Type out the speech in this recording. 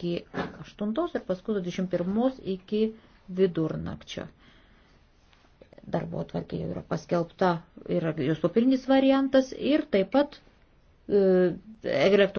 iki 8 ir paskui 21 iki vidurnakčio. Darbo atvarkė jau yra paskelbta, yra jos papilnis variantas ir taip pat e,